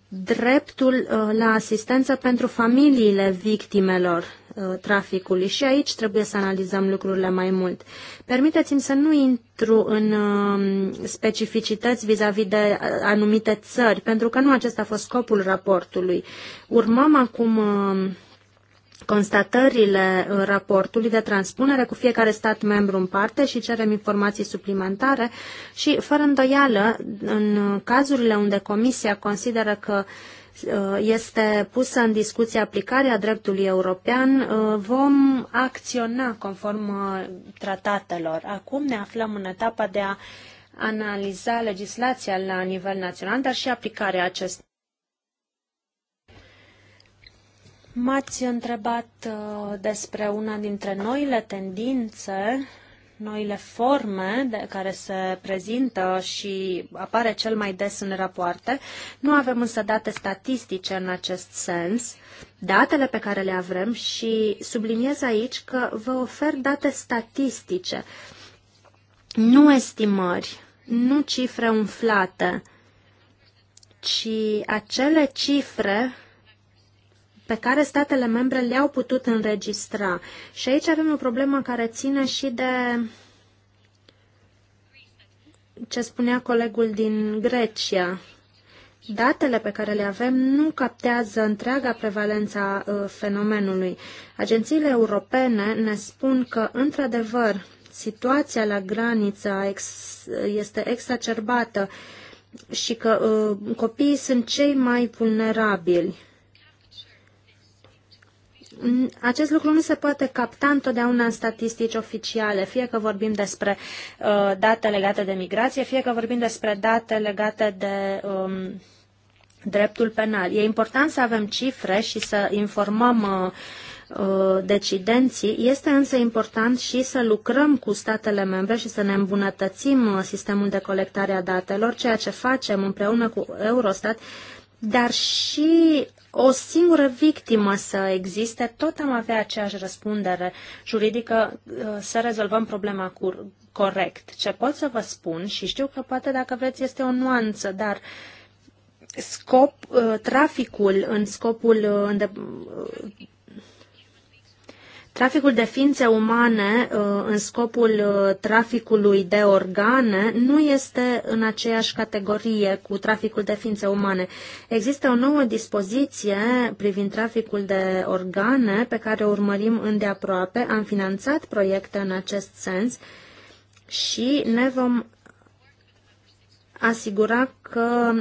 dreptul uh, la asistență pentru familiile victimelor Uh, traficului și aici trebuie să analizăm lucrurile mai mult. Permiteți-mi să nu intru în um, specificități vis-a-vis -vis de uh, anumite țări, pentru că nu acesta a fost scopul raportului. Urmăm acum um, constatările uh, raportului de transpunere cu fiecare stat membru în parte și cerem informații suplimentare și, fără îndoială, în cazurile unde Comisia consideră că uh, Uh, este pusă în discuție aplicarea dreptului european, uh, vom acționa conform uh, tratatelor. Acum ne aflăm în etapa de a analiza legislația la nivel național, dar și aplicarea acestei. M-ați întrebat despre una dintre noile tendințe noile forme de care se prezintă și apare cel mai des în rapoarte. Nu avem însă date statistice în acest sens, datele pe care le avem și subliniez aici că vă ofer date statistice, nu estimări, nu cifre umflate, ci acele cifre pe care statele membre le-au putut înregistra. Și aici avem o problemă care ține și de ce spunea colegul din Grecia. Datele pe care le avem nu captează întreaga a ă, fenomenului. Agențiile europene ne spun că, într-adevăr, situația la graniță este exacerbată și că ă, copiii sunt cei mai vulnerabili acest lucru nu se poate capta întotdeauna în statistici oficiale, fie că vorbim despre uh, date legate de migrație, fie că vorbim despre date legate de um, dreptul penal. E important să avem cifre și să informăm uh, uh decidenții, este însă important și să lucrăm cu statele membre și să ne îmbunătățim uh, sistemul de colectare a datelor, ceea ce facem împreună cu Eurostat dar și o singură victimă să existe, tot am avea aceeași răspundere juridică uh, să rezolvăm problema cu corect. Ce pot să vă spun, și știu că poate dacă vreți este o nuanță, dar scop, uh, traficul în scopul uh, Traficul de ființe umane uh, în scopul uh, traficului de organe nu este în aceeași categorie cu traficul de ființe umane. Există o nouă dispoziție privind traficul de organe pe care o urmărim îndeaproape. Am finanțat proiecte în acest sens și ne vom asigura că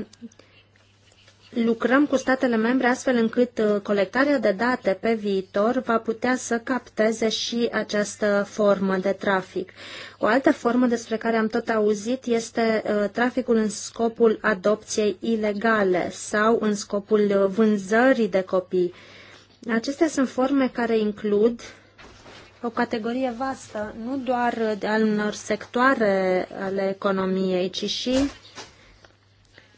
lucrăm cu statele membre astfel încât uh, colectarea de date pe viitor va putea să capteze și această formă de trafic. O altă formă despre care am tot auzit este uh, traficul în scopul adopției ilegale sau în scopul uh, vânzării de copii. Acestea sunt forme care includ o categorie vastă, nu doar al unor sectoare ale economiei, ci și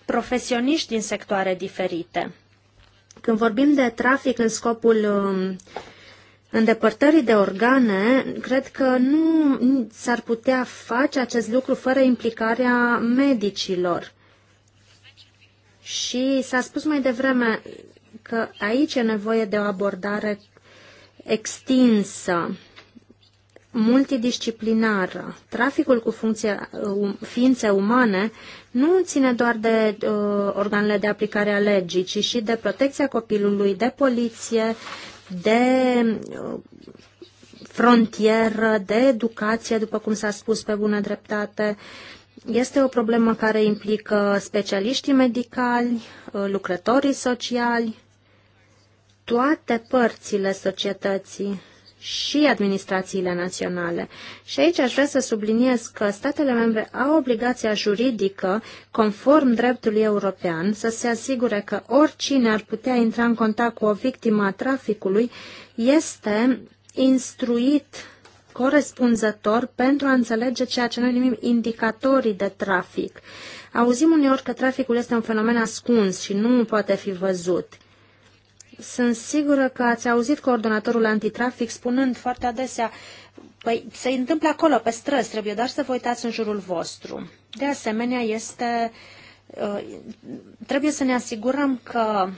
profesioniști din sectoare diferite. Când vorbim de trafic în scopul um, îndepărtării de organe, cred că nu s-ar putea face acest lucru fără implicarea medicilor. Și s-a spus mai devreme că aici e nevoie de o abordare extinsă multidisciplinară. Traficul cu funcție, uh, um, ființe umane nu ține doar de uh, organele de aplicare a legii, ci și de protecția copilului, de poliție, de uh, frontieră, de educație, după cum s-a spus pe bună dreptate. Este o problemă care implică specialiștii medicali, uh, lucrătorii sociali, toate părțile societății și administrațiile naționale. Și aici aș vrea să subliniez că statele membre au obligația juridică, conform dreptului european, să se asigure că oricine ar putea intra în contact cu o victimă a traficului este instruit corespunzător pentru a înțelege ceea ce noi numim indicatorii de trafic. Auzim uneori că traficul este un fenomen ascuns și nu poate fi văzut. Sunt sigură că ați auzit coordonatorul antitrafic spunând foarte adesea, păi se întâmplă acolo, pe străzi, trebuie doar să vă uitați în jurul vostru. De asemenea, este, uh, trebuie să ne asigurăm că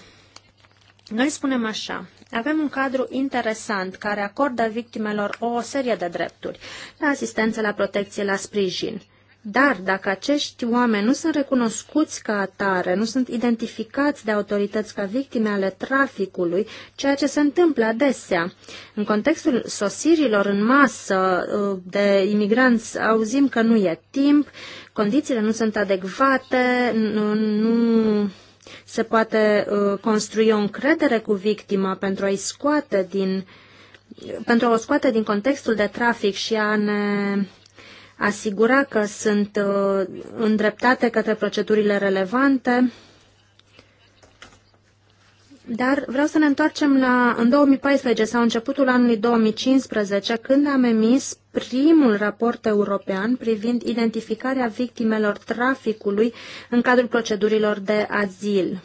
noi spunem așa, avem un cadru interesant care acordă victimelor o serie de drepturi, la asistență, la protecție, la sprijin. Dar dacă acești oameni nu sunt recunoscuți ca atare, nu sunt identificați de autorități ca victime ale traficului, ceea ce se întâmplă adesea, în contextul sosirilor în masă uh, de imigranți auzim că nu e timp, condițiile nu sunt adecvate, nu, nu se poate uh, construi o încredere cu victima pentru a-i scoate din pentru a o scoate din contextul de trafic și a ne asigura că sunt uh, îndreptate către procedurile relevante. Dar vreau să ne întoarcem la, în 2014 sau începutul anului 2015, când am emis primul raport european privind identificarea victimelor traficului în cadrul procedurilor de azil.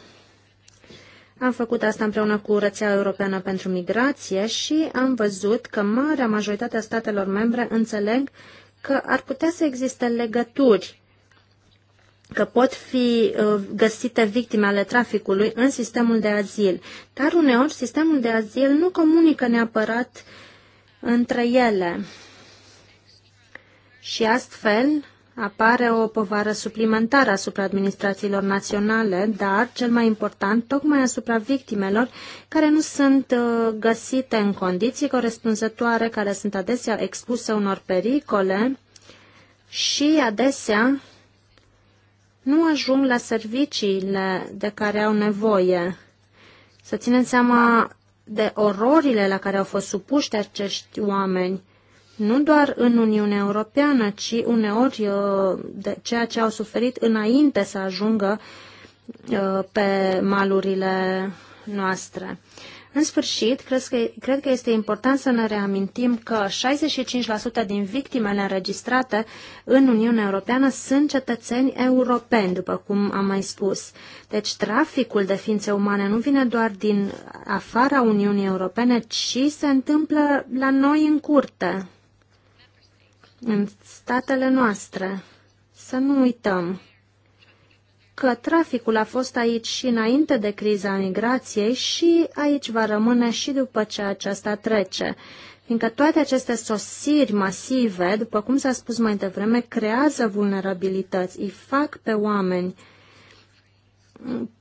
Am făcut asta împreună cu Rețeaua Europeană pentru Migrație și am văzut că marea majoritatea statelor membre înțeleg că ar putea să existe legături că pot fi uh, găsite victime ale traficului în sistemul de azil. Dar uneori sistemul de azil nu comunică neapărat între ele. Și astfel, apare o povară suplimentară asupra administrațiilor naționale, dar, cel mai important, tocmai asupra victimelor care nu sunt uh, găsite în condiții corespunzătoare, care sunt adesea expuse unor pericole și adesea nu ajung la serviciile de care au nevoie. Să ținem seama de ororile la care au fost supuși acești oameni nu doar în Uniunea Europeană, ci uneori uh, de ceea ce au suferit înainte să ajungă uh, pe malurile noastre. În sfârșit, cred că, cred că este important să ne reamintim că 65% din victimele înregistrate în Uniunea Europeană sunt cetățeni europeni, după cum am mai spus. Deci traficul de ființe umane nu vine doar din afara Uniunii Europene, ci se întâmplă la noi în curte în statele noastre. Să nu uităm că traficul a fost aici și înainte de criza migrației și aici va rămâne și după ce aceasta trece. Fiindcă toate aceste sosiri masive, după cum s-a spus mai devreme, creează vulnerabilități, îi fac pe oameni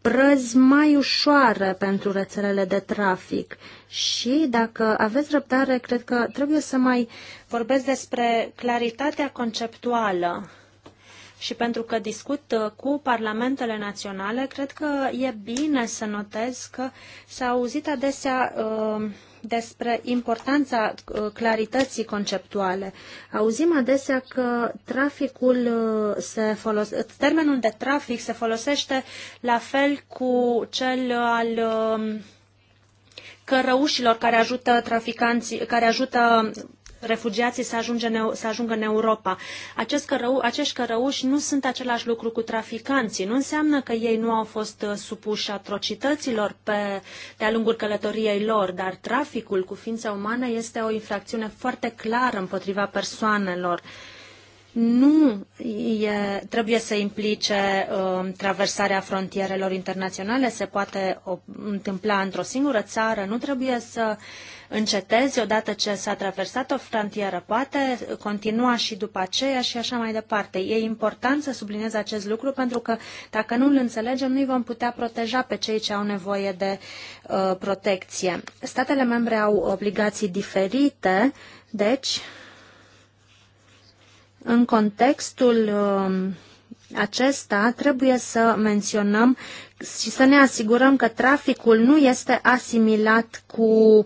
prăzi mai ușoară pentru rețelele de trafic. Și dacă aveți răbdare, cred că trebuie să mai vorbesc despre claritatea conceptuală. Și pentru că discut uh, cu parlamentele naționale, cred că e bine să notez că s-a auzit adesea uh, despre importanța uh, clarității conceptuale. Auzim adesea că traficul uh, se folose, termenul de trafic se folosește la fel cu cel al um, cărăușilor care ajută traficanții, care ajută refugiații să, ajunge, să ajungă în Europa. Acest cărău, acești cărăuși nu sunt același lucru cu traficanții. Nu înseamnă că ei nu au fost uh, supuși atrocităților pe, de-a lungul călătoriei lor, dar traficul cu ființe umane este o infracțiune foarte clară împotriva persoanelor nu e, trebuie să implice uh, traversarea frontierelor internaționale, se poate o, întâmpla într-o singură țară, nu trebuie să încetezi odată ce s-a traversat o frontieră, poate continua și după aceea și așa mai departe. E important să subliniez acest lucru pentru că dacă nu îl înțelegem, nu îi vom putea proteja pe cei ce au nevoie de uh, protecție. Statele membre au obligații diferite, deci în contextul uh, acesta trebuie să menționăm și să ne asigurăm că traficul nu este asimilat cu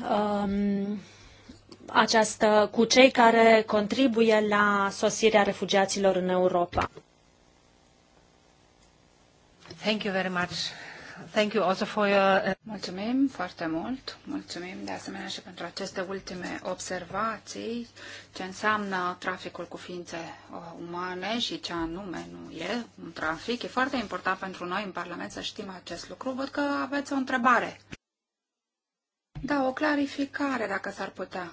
um, această, cu cei care contribuie la sosirea refugiaților în Europa. Thank you very much. Thank you also for your... Uh, Mulțumim foarte mult. Mulțumim de asemenea și pentru aceste ultime observații, ce înseamnă traficul cu ființe uh, umane și ce anume nu e un trafic. E foarte important pentru noi în Parlament să știm acest lucru. Văd că aveți o întrebare. Da, o clarificare, dacă s-ar putea.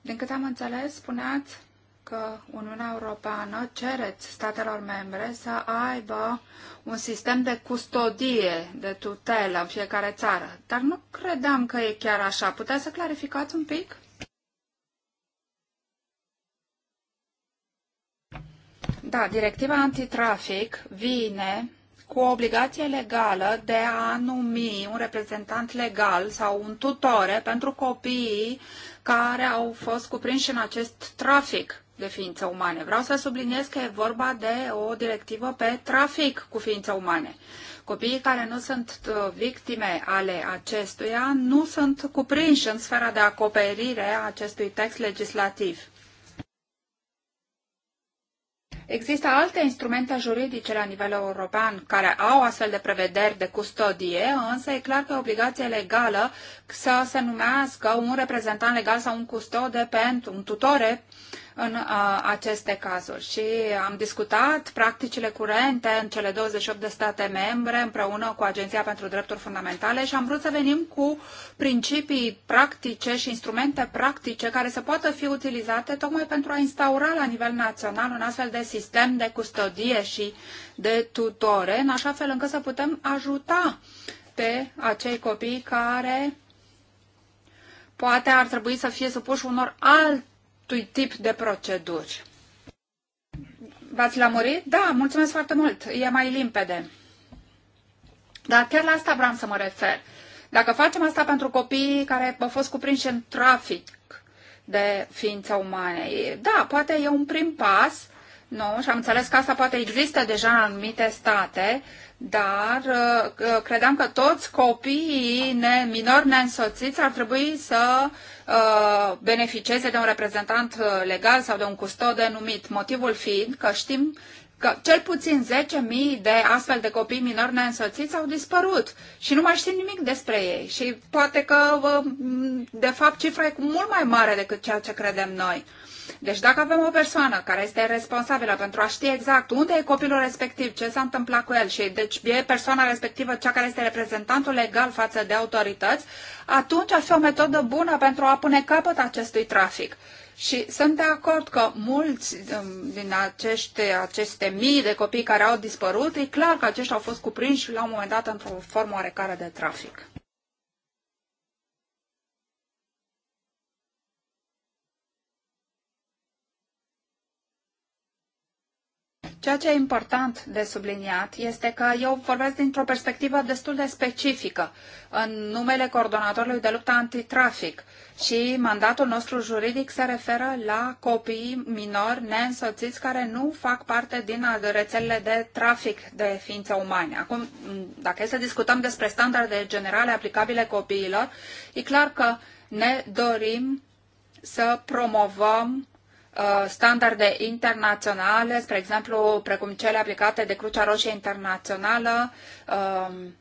Din câte am înțeles, spuneați că Uniunea Europeană cereți statelor membre să aibă un sistem de custodie, de tutelă în fiecare țară. Dar nu credeam că e chiar așa. Puteți să clarificați un pic? Da, directiva antitrafic vine cu o obligație legală de a numi un reprezentant legal sau un tutore pentru copiii care au fost cuprinși în acest trafic de ființe umane. Vreau să subliniez că e vorba de o directivă pe trafic cu ființe umane. Copiii care nu sunt uh, victime ale acestuia nu sunt cuprinși în sfera de acoperire a acestui text legislativ. Există alte instrumente juridice la nivel european care au astfel de prevederi de custodie, însă e clar că e obligație legală să se numească un reprezentant legal sau un custode pentru un tutore în aceste cazuri. Și am discutat practicile curente în cele 28 de state membre împreună cu Agenția pentru Drepturi Fundamentale și am vrut să venim cu principii practice și instrumente practice care să poată fi utilizate tocmai pentru a instaura la nivel național un astfel de sistem de custodie și de tutore, în așa fel încât să putem ajuta pe acei copii care poate ar trebui să fie supuși unor alte acestui tip de proceduri. V-ați lămurit? Da, mulțumesc foarte mult. E mai limpede. Dar chiar la asta vreau să mă refer. Dacă facem asta pentru copiii care au fost cuprinși în trafic de ființe umane, da, poate e un prim pas nu, și am înțeles că asta poate există deja în anumite state, dar uh, uh, credeam că toți copiii ne, minori neînsoțiți ar trebui să uh, beneficieze de un reprezentant uh, legal sau de un custod numit, motivul fiind că știm că cel puțin 10.000 de astfel de copii minori neînsoțiți au dispărut și nu mai știm nimic despre ei. Și poate că, uh, de fapt, cifra e mult mai mare decât ceea ce credem noi. Deci dacă avem o persoană care este responsabilă pentru a ști exact unde e copilul respectiv, ce s-a întâmplat cu el și deci e persoana respectivă cea care este reprezentantul legal față de autorități, atunci ar fi o metodă bună pentru a pune capăt acestui trafic. Și sunt de acord că mulți um, din acești, aceste mii de copii care au dispărut, e clar că aceștia au fost cuprinși la un moment dat într-o formă oarecare de trafic. Ceea ce e important de subliniat este că eu vorbesc dintr-o perspectivă destul de specifică, în numele coordonatorului de luptă antitrafic și mandatul nostru juridic se referă la copii minori neînsoțiți care nu fac parte din rețelele de trafic de ființe umane. Acum, dacă e să discutăm despre standarde generale aplicabile copiilor, e clar că ne dorim să promovăm Uh, standarde internaționale, spre exemplu, precum cele aplicate de Crucea Roșie Internațională, um,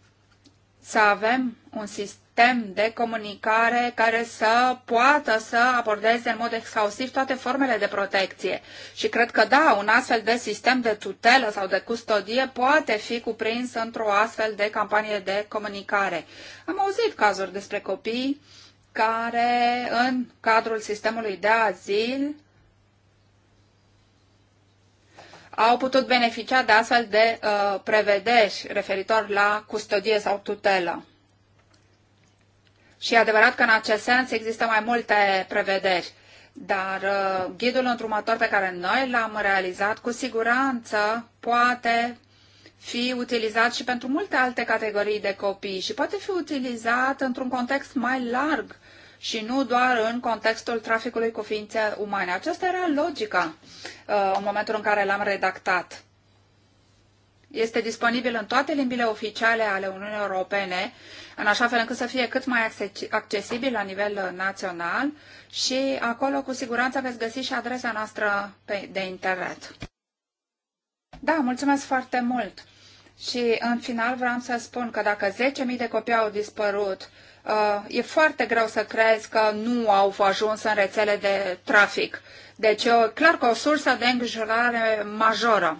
să avem un sistem de comunicare care să poată să abordeze în mod exhaustiv toate formele de protecție. Și cred că da, un astfel de sistem de tutelă sau de custodie poate fi cuprins într-o astfel de campanie de comunicare. Am auzit cazuri despre copii care în cadrul sistemului de azil au putut beneficia de astfel de uh, prevederi referitor la custodie sau tutelă. Și e adevărat că în acest sens există mai multe prevederi, dar uh, ghidul întrumător pe care noi l-am realizat cu siguranță poate fi utilizat și pentru multe alte categorii de copii și poate fi utilizat într-un context mai larg și nu doar în contextul traficului cu ființe umane. Aceasta era logica uh, în momentul în care l-am redactat. Este disponibil în toate limbile oficiale ale Uniunii Europene, în așa fel încât să fie cât mai accesibil la nivel național și acolo cu siguranță veți găsi și adresa noastră de internet. Da, mulțumesc foarte mult! Și în final vreau să spun că dacă 10.000 de copii au dispărut, uh, e foarte greu să crezi că nu au ajuns în rețele de trafic. Deci e uh, clar că o sursă de îngrijorare majoră.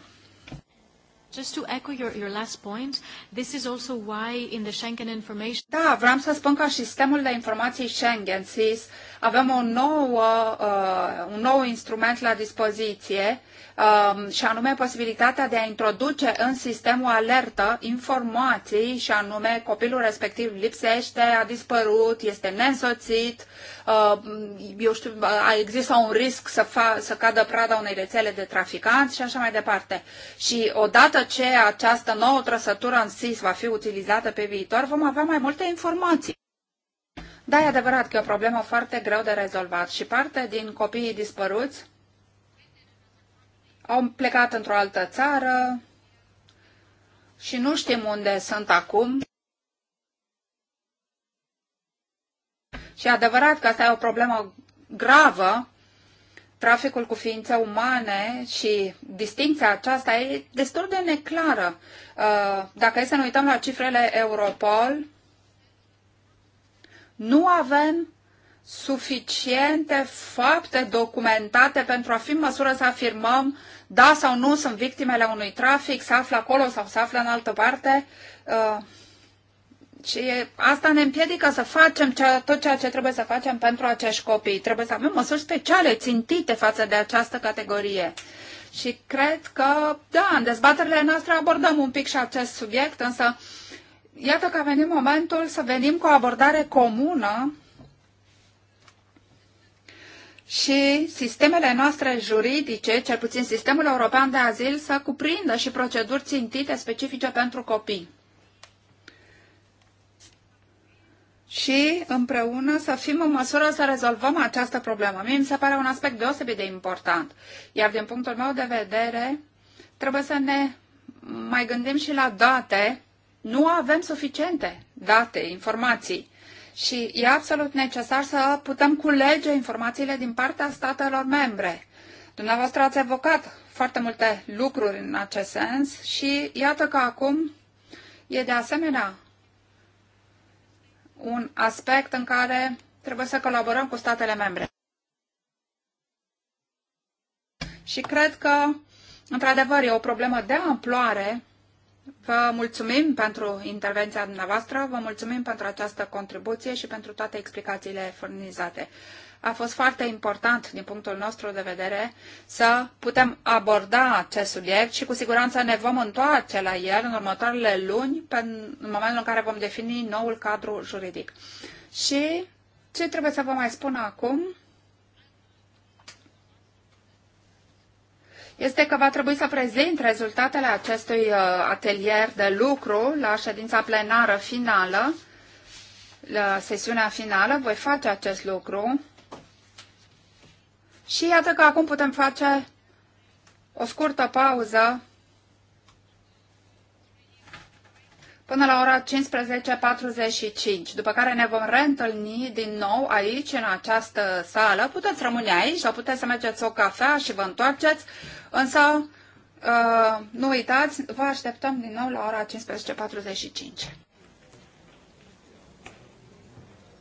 Just to echo your, your last point, this is also why in the Schengen information... Da, vreau să spun că sistemul de informații Schengen, SIS, avem o nouă, uh, un nou instrument la dispoziție Um, și anume posibilitatea de a introduce în sistemul alertă informații și anume copilul respectiv lipsește, a dispărut, este neînsoțit, um, eu știu, există un risc să, fa- să cadă prada unei rețele de traficanți și așa mai departe. Și odată ce această nouă trăsătură în SIS va fi utilizată pe viitor, vom avea mai multe informații. Da, e adevărat că e o problemă foarte greu de rezolvat și parte din copiii dispăruți au plecat într-o altă țară și nu știm unde sunt acum. Și e adevărat că asta e o problemă gravă, traficul cu ființe umane și distinția aceasta e destul de neclară. Uh, dacă e să ne uităm la cifrele Europol, nu avem suficiente fapte documentate pentru a fi în măsură să afirmăm da sau nu sunt victimele unui trafic, se află acolo sau se află în altă parte. Uh, și asta ne împiedică să facem tot ceea ce trebuie să facem pentru acești copii. Trebuie să avem măsuri speciale, țintite față de această categorie. Și cred că, da, în dezbaterile noastre abordăm un pic și acest subiect, însă iată că a venit momentul să venim cu o abordare comună și sistemele noastre juridice, cel puțin sistemul european de azil, să cuprindă și proceduri țintite specifice pentru copii. Și împreună să fim în măsură să rezolvăm această problemă. Mie mi se pare un aspect deosebit de important. Iar din punctul meu de vedere, trebuie să ne mai gândim și la date. Nu avem suficiente date, informații. Și e absolut necesar să putem culege informațiile din partea statelor membre. Dumneavoastră ați evocat foarte multe lucruri în acest sens și iată că acum e de asemenea un aspect în care trebuie să colaborăm cu statele membre. Și cred că, într-adevăr, e o problemă de amploare Vă mulțumim pentru intervenția dumneavoastră, vă mulțumim pentru această contribuție și pentru toate explicațiile furnizate. A fost foarte important din punctul nostru de vedere să putem aborda acest subiect și cu siguranță ne vom întoarce la el în următoarele luni, în momentul în care vom defini noul cadru juridic. Și ce trebuie să vă mai spun acum este că va trebui să prezint rezultatele acestui uh, atelier de lucru la ședința plenară finală, la sesiunea finală. Voi face acest lucru. Și iată că acum putem face o scurtă pauză până la ora 15.45, după care ne vom reîntâlni din nou aici, în această sală. Puteți rămâne aici sau puteți să mergeți o cafea și vă întoarceți. Însă, uh, nu uitați, vă așteptăm din nou la ora 15.45.